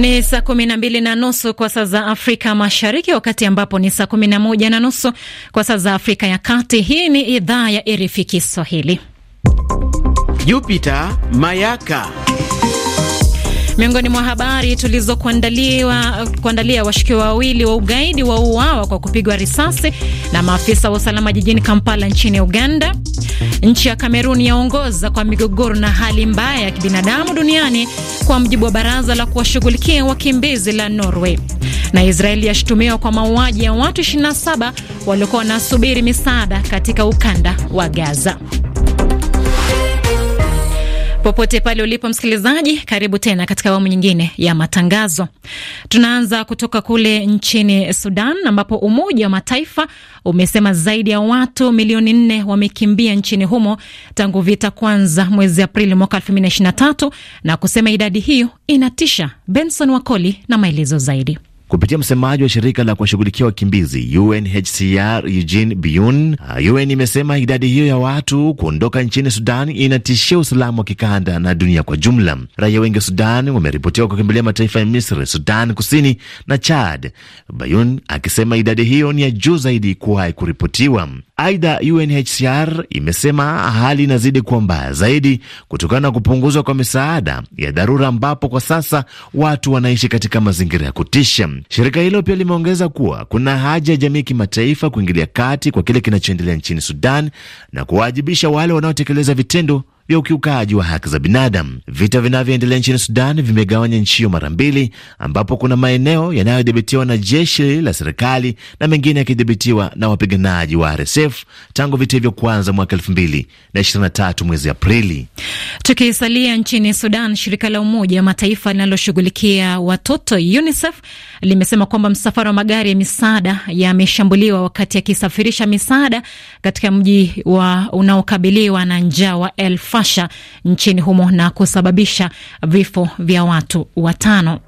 Ni saa kumi na mbili na nusu kwa saa za Afrika Mashariki, wakati ambapo ni saa kumi na moja na nusu kwa saa za Afrika ya Kati. Hii ni idhaa ya RFI Kiswahili. Jupiter Mayaka Miongoni mwa habari tulizokuandalia, washukiwa wawili wa ugaidi wa uawa kwa kupigwa risasi na maafisa wa usalama jijini Kampala nchini Uganda. Nchi ya Kameruni yaongoza kwa migogoro na hali mbaya ya kibinadamu duniani kwa mujibu wa baraza la kuwashughulikia wakimbizi la Norway. Na Israeli yashutumiwa kwa mauaji ya watu 27 waliokuwa wanasubiri misaada katika ukanda wa Gaza. Popote pale ulipo msikilizaji, karibu tena katika awamu nyingine ya matangazo. Tunaanza kutoka kule nchini Sudan ambapo Umoja wa Mataifa umesema zaidi ya watu milioni nne wamekimbia nchini humo tangu vita kwanza mwezi Aprili mwaka 2023 na kusema idadi hiyo inatisha. Benson Wakoli na maelezo zaidi. Kupitia msemaji wa shirika la kuwashughulikia wakimbizi UNHCR Eugene Biyun, UN uh, imesema idadi hiyo ya watu kuondoka nchini Sudan inatishia usalama wa kikanda na dunia kwa jumla. Raia wengi wa Sudan wameripotiwa kukimbilia mataifa ya Misri, Sudan Kusini na Chad, byun akisema idadi hiyo ni ya juu zaidi kuwahi kuripotiwa. Aidha, UNHCR imesema hali inazidi kuwa mbaya zaidi kutokana na kupunguzwa kwa misaada ya dharura, ambapo kwa sasa watu wanaishi katika mazingira ya kutisha. Shirika hilo pia limeongeza kuwa kuna haja ya jamii kimataifa kuingilia kati kwa kile kinachoendelea nchini Sudan na kuwaajibisha wale wanaotekeleza vitendo vya ukiukaji wa haki za binadamu. Vita vinavyoendelea nchini Sudan vimegawanya nchi hiyo mara mbili, ambapo kuna maeneo yanayodhibitiwa na jeshi la serikali na mengine yakidhibitiwa na wapiganaji wa RSF tangu vita hivyo kuanza mwaka tatu mwezi Aprili. Tukisalia nchini Sudan, shirika la Umoja wa Mataifa linaloshughulikia watoto UNICEF limesema kwamba msafara wa magari ya misaada yameshambuliwa wakati yakisafirisha misaada katika mji wa unaokabiliwa na njaa wa Elfa Fasha nchini humo na kusababisha vifo vya watu watano.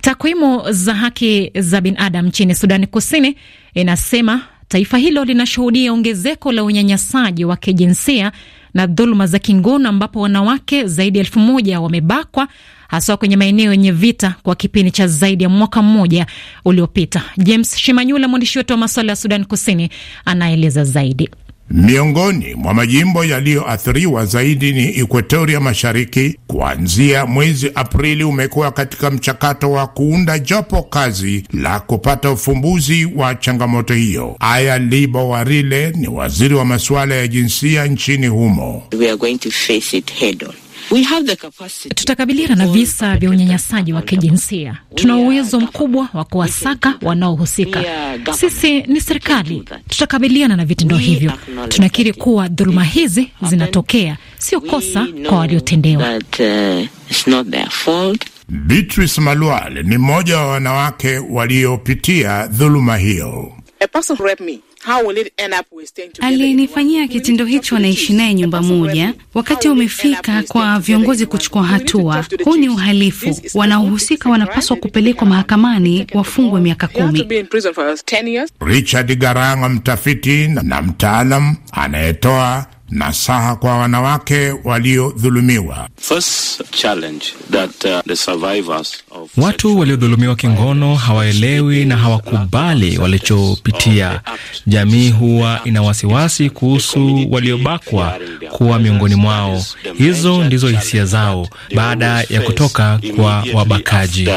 Takwimu za haki za binadamu nchini Sudani Kusini inasema taifa hilo linashuhudia ongezeko la unyanyasaji wa kijinsia na dhuluma za kingono ambapo wanawake zaidi ya elfu moja wamebakwa haswa kwenye maeneo yenye vita kwa kipindi cha zaidi ya mwaka mmoja uliopita. James Shimanyula, mwandishi wetu wa maswala ya Sudan Kusini, anaeleza zaidi. Miongoni mwa majimbo yaliyoathiriwa zaidi ni Equatoria Mashariki. Kuanzia mwezi Aprili umekuwa katika mchakato wa kuunda jopo kazi la kupata ufumbuzi wa changamoto hiyo. Aya Libo Warile ni waziri wa masuala ya jinsia nchini humo. We are going to face it head on. Tutakabiliana na visa vya unyanyasaji wa kijinsia. Tuna uwezo mkubwa wa kuwasaka wanaohusika. Sisi ni serikali, tutakabiliana na vitendo hivyo. Tunakiri kuwa dhuluma hizi zinatokea, sio kosa kwa waliotendewa. Uh, Beatrice Malwal ni mmoja wa wanawake waliopitia dhuluma hiyo. A person raped me. Alinifanyia kitendo hicho, anaishi naye nyumba moja. Wakati umefika kwa viongozi kuchukua hatua. Huu ni uhalifu, wanaohusika wanapaswa kupelekwa mahakamani, wafungwe miaka kumi. Richard Garanga, mtafiti na mtaalam anayetoa saha kwa wanawake waliodhulumiwa. Uh, watu waliodhulumiwa kingono hawaelewi na hawakubali walichopitia. Jamii huwa ina wasiwasi kuhusu waliobakwa kuwa miongoni mwao. Hizo ndizo hisia zao baada ya kutoka kwa wabakaji.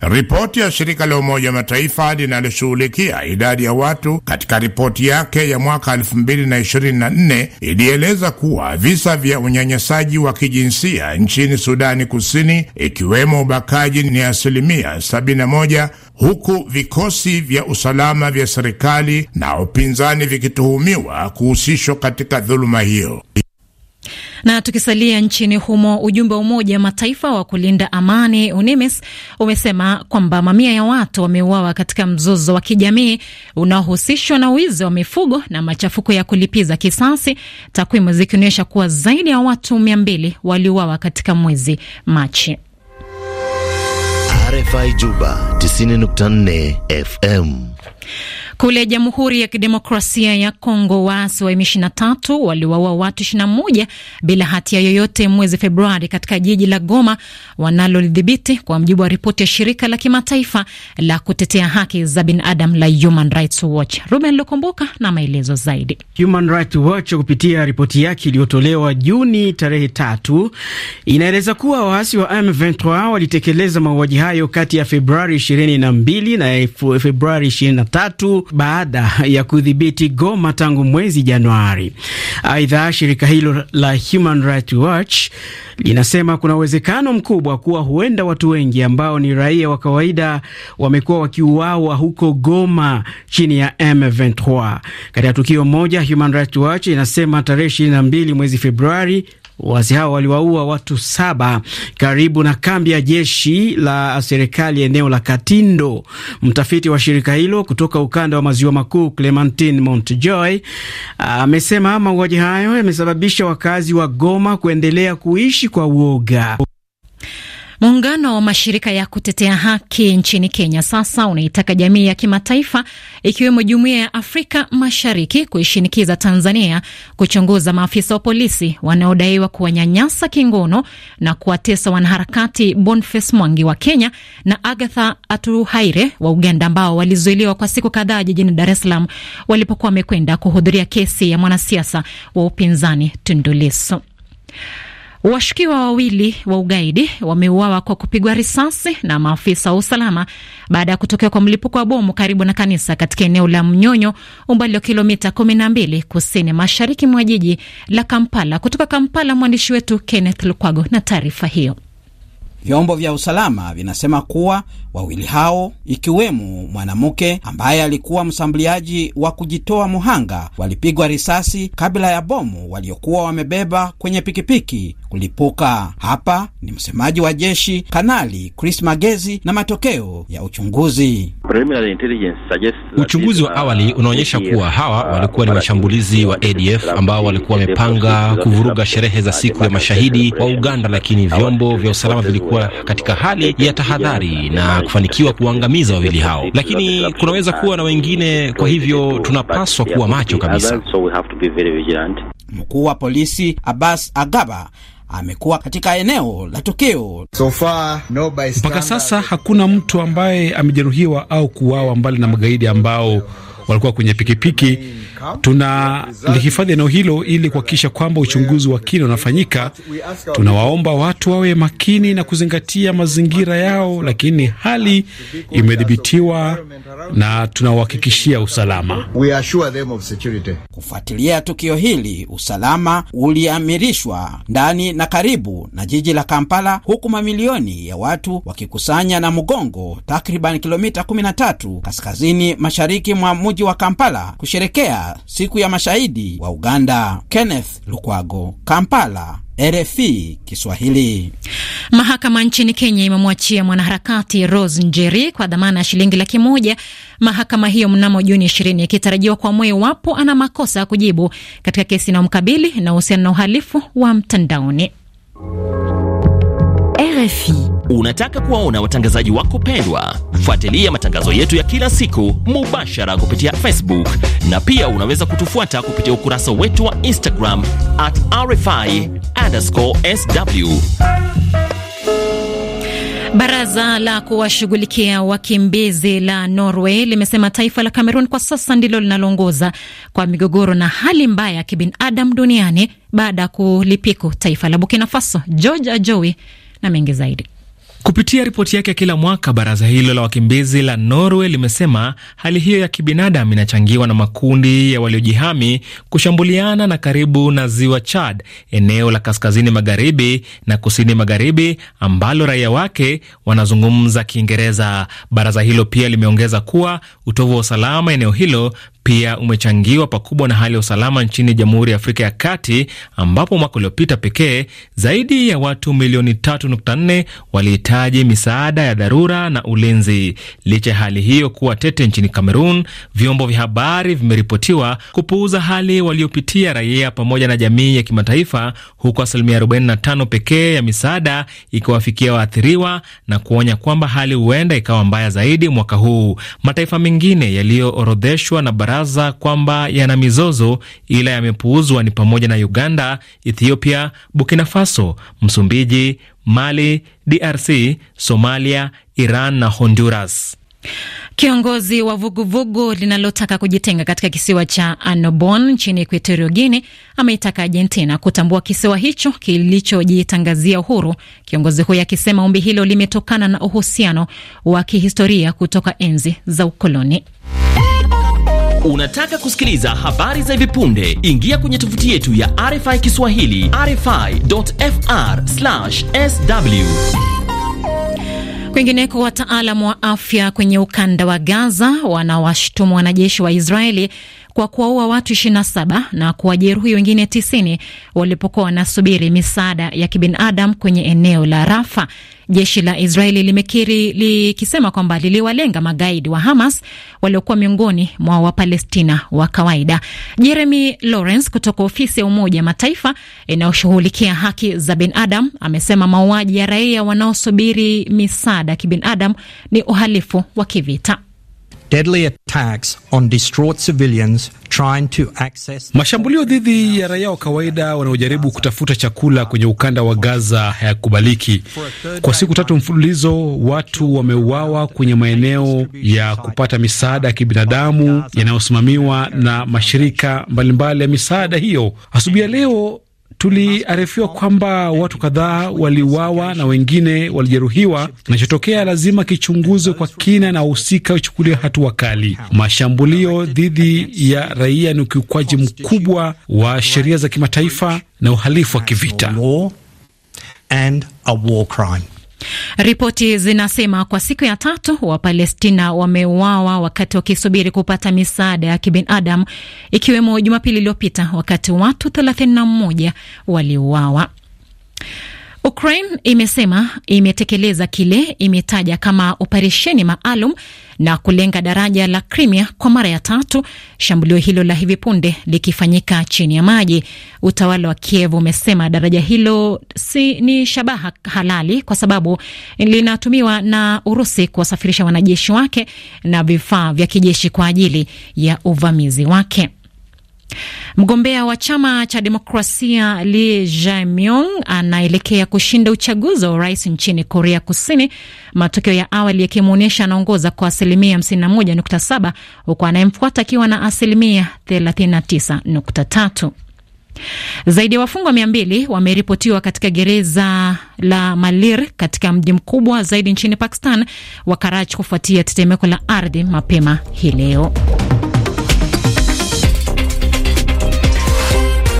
Ripoti ya shirika la Umoja wa Mataifa linaloshughulikia idadi ya watu katika ripoti yake ya mwaka elfu 2024 ilieleza kuwa visa vya unyanyasaji wa kijinsia nchini Sudani Kusini, ikiwemo ubakaji, ni asilimia 71 huku vikosi vya usalama vya serikali na upinzani vikituhumiwa kuhusishwa katika dhuluma hiyo. Na tukisalia nchini humo, ujumbe wa Umoja Mataifa wa kulinda amani unimis umesema kwamba mamia ya watu wameuawa katika mzozo wa kijamii unaohusishwa na wizi wa mifugo na machafuko ya kulipiza kisasi, takwimu zikionyesha kuwa zaidi ya watu mia mbili waliuawa katika mwezi Machi. RFI Juba 90.4 FM. Kule Jamhuri ya Kidemokrasia ya Kongo, waasi wa M23 waliwaua watu 21 bila hatia yoyote mwezi Februari katika jiji la Goma wanalolidhibiti, kwa mujibu wa ripoti ya shirika la kimataifa la kutetea haki za binadamu la Human Rights Watch. Ruben Lukumbuka na maelezo zaidi. Human Rights Watch kupitia ripoti yake iliyotolewa Juni tarehe tatu inaeleza kuwa waasi wa M23 walitekeleza mauaji hayo kati ya Februari 22 na Februari 23 baada ya kudhibiti Goma tangu mwezi Januari. Aidha, shirika hilo la Human Rights Watch linasema kuna uwezekano mkubwa kuwa huenda watu wengi ambao ni raia wa kawaida wamekuwa wakiuawa huko Goma chini ya M23. Katika tukio moja, Human Rights Watch inasema tarehe 22 mwezi Februari Waasi hao waliwaua watu saba karibu na kambi ya jeshi la serikali eneo la Katindo. Mtafiti wa shirika hilo kutoka ukanda wa maziwa makuu Clementine Montjoy amesema mauaji hayo yamesababisha wakazi wa Goma kuendelea kuishi kwa uoga. Muungano wa mashirika ya kutetea haki nchini Kenya sasa unaitaka jamii ya kimataifa ikiwemo jumuiya ya Afrika Mashariki kuishinikiza Tanzania kuchunguza maafisa wa polisi wanaodaiwa kuwanyanyasa kingono na kuwatesa wanaharakati Boniface Mwangi wa Kenya na Agatha Atuhaire wa Uganda ambao walizuiliwa kwa siku kadhaa jijini Dar es Salaam walipokuwa wamekwenda kuhudhuria kesi ya mwanasiasa wa upinzani Tundu Lissu. Washukiwa wawili wa ugaidi wameuawa kwa kupigwa risasi na maafisa wa usalama baada ya kutokea kwa mlipuko wa bomu karibu na kanisa katika eneo la Mnyonyo, umbali wa kilomita 12 kusini mashariki mwa jiji la Kampala. Kutoka Kampala, mwandishi wetu Kenneth Lukwago na taarifa hiyo. Vyombo vya usalama vinasema kuwa wawili hao ikiwemo mwanamke ambaye alikuwa msambuliaji wa kujitoa muhanga walipigwa risasi kabla ya bomu waliokuwa wamebeba kwenye pikipiki kulipuka. Hapa ni msemaji wa jeshi Kanali Chris Magezi na matokeo ya uchunguzi. Uchunguzi wa uh, awali unaonyesha kuwa hawa uh, walikuwa ni washambulizi wa ADF ambao walikuwa wamepanga kuvuruga sherehe za uh, siku ya mashahidi wa Uganda, lakini vyombo vya usalama vilikuwa kuwa katika hali ya tahadhari na kufanikiwa kuangamiza wawili hao, lakini kunaweza kuwa na wengine, kwa hivyo tunapaswa kuwa macho kabisa. Mkuu wa polisi Abbas Agaba amekuwa katika eneo la tukio. So far, no mpaka sasa hakuna mtu ambaye amejeruhiwa au kuuawa, mbali na magaidi ambao walikuwa kwenye pikipiki. Tunalihifadhi eneo hilo ili kuhakikisha kwamba uchunguzi wa kina unafanyika. Tunawaomba watu wawe makini na kuzingatia mazingira yao, lakini hali imedhibitiwa na tunawahakikishia usalama. Kufuatilia tukio hili, usalama uliamirishwa ndani na karibu na jiji la Kampala, huku mamilioni ya watu wakikusanya na Mugongo, takriban kilomita 13 kaskazini mashariki mwa mji wa Kampala kusherekea siku ya mashahidi wa Uganda. Kenneth Lukwago, Kampala. RFI Kiswahili. Mahakama nchini Kenya imemwachia mwanaharakati Rose Njeri kwa dhamana ya shilingi laki moja mahakama hiyo mnamo Juni 20 ikitarajiwa kuamua iwapo ana makosa ya kujibu katika kesi inayomkabili na uhusiano na uhalifu wa mtandaoni. RFI Unataka kuwaona watangazaji wako pendwa? Fuatilia matangazo yetu ya kila siku mubashara kupitia Facebook na pia unaweza kutufuata kupitia ukurasa wetu wa Instagram at RFI underscore sw. Baraza la kuwashughulikia wakimbizi la Norway limesema taifa la Cameroon kwa sasa ndilo linaloongoza kwa migogoro na hali mbaya ya kibinadamu duniani baada ya kulipiku taifa la Burkina Faso. George Ajowi na mengi zaidi. Kupitia ripoti yake ya kila mwaka, baraza hilo la wakimbizi la Norway limesema hali hiyo ya kibinadamu inachangiwa na makundi ya waliojihami kushambuliana na karibu na ziwa Chad, eneo la kaskazini magharibi na kusini magharibi ambalo raia wake wanazungumza Kiingereza. Baraza hilo pia limeongeza kuwa utovu wa usalama eneo hilo pia umechangiwa pakubwa na hali ya usalama nchini Jamhuri ya Afrika ya Kati, ambapo mwaka uliopita pekee zaidi ya watu milioni 3.4 walihitaji misaada ya dharura na ulinzi. Licha ya hali hiyo kuwa tete nchini Kamerun, vyombo vya habari vimeripotiwa kupuuza hali waliopitia raia pamoja na jamii ya kimataifa, huku asilimia 45 pekee ya misaada ikiwafikia waathiriwa na kuonya kwamba hali huenda ikawa mbaya zaidi mwaka huu. Mataifa mengine yaliyoorodheshwa na bara baraza kwamba yana mizozo ila yamepuuzwa ni pamoja na Uganda, Ethiopia, Burkina Faso, Msumbiji, Mali, DRC, Somalia, Iran na Honduras. Kiongozi wa vuguvugu linalotaka kujitenga katika kisiwa cha Annobon nchini Ekuatorio Guine ameitaka Argentina kutambua kisiwa hicho kilichojitangazia uhuru, kiongozi huyo akisema ombi hilo limetokana na uhusiano wa kihistoria kutoka enzi za ukoloni. Unataka kusikiliza habari za hivi punde? Ingia kwenye tovuti yetu ya RFI Kiswahili, rfi.fr/sw. Kwingineko, wataalam wa afya kwenye ukanda wa Gaza wanawashutumu wanajeshi wa Israeli kwa kuwaua watu 27 na kuwajeruhi wengine 90 walipokuwa wanasubiri misaada ya kibinadamu kwenye eneo la Rafa. Jeshi la Israeli limekiri likisema kwamba liliwalenga magaidi wa Hamas waliokuwa miongoni mwa Wapalestina wa kawaida. Jeremy Lawrence kutoka ofisi ya Umoja wa Mataifa inayoshughulikia haki za binadamu amesema mauaji ya raia wanaosubiri misaada ya kibinadamu ni uhalifu wa kivita. Deadly attacks on distraught civilians trying to access... Mashambulio dhidi ya raia wa kawaida wanaojaribu kutafuta chakula kwenye ukanda wa Gaza hayakubaliki. Kwa siku tatu mfululizo, watu wameuawa kwenye maeneo ya kupata misaada ya kibinadamu yanayosimamiwa na mashirika mbalimbali ya misaada hiyo. Asubuhi ya leo Tuliarifiwa kwamba watu kadhaa waliuawa na wengine walijeruhiwa. Kinachotokea lazima kichunguzwe kwa kina na wahusika uchukuliwe hatua kali. Mashambulio dhidi ya raia ni ukiukwaji mkubwa wa sheria za kimataifa na uhalifu wa kivita. Ripoti zinasema kwa siku ya tatu Wapalestina wameuawa wakati wakisubiri kupata misaada ya kibinadamu, ikiwemo Jumapili iliyopita wakati watu 31 waliuawa. Ukraine imesema imetekeleza kile imetaja kama operesheni maalum na kulenga daraja la Crimea kwa mara ya tatu, shambulio hilo la hivi punde likifanyika chini ya maji. Utawala wa Kiev umesema daraja hilo si ni shabaha halali kwa sababu linatumiwa na Urusi kuwasafirisha wanajeshi wake na vifaa vya kijeshi kwa ajili ya uvamizi wake. Mgombea wa chama cha demokrasia Lee Jae-myung anaelekea kushinda uchaguzi wa urais nchini Korea Kusini, matokeo ya awali yakimwonyesha anaongoza kwa asilimia 51.7 huku anayemfuata akiwa na asilimia 39.3. Zaidi ya wafungwa mia mbili wameripotiwa katika gereza la Malir katika mji mkubwa zaidi nchini Pakistan wa Karachi kufuatia tetemeko la ardhi mapema hii leo.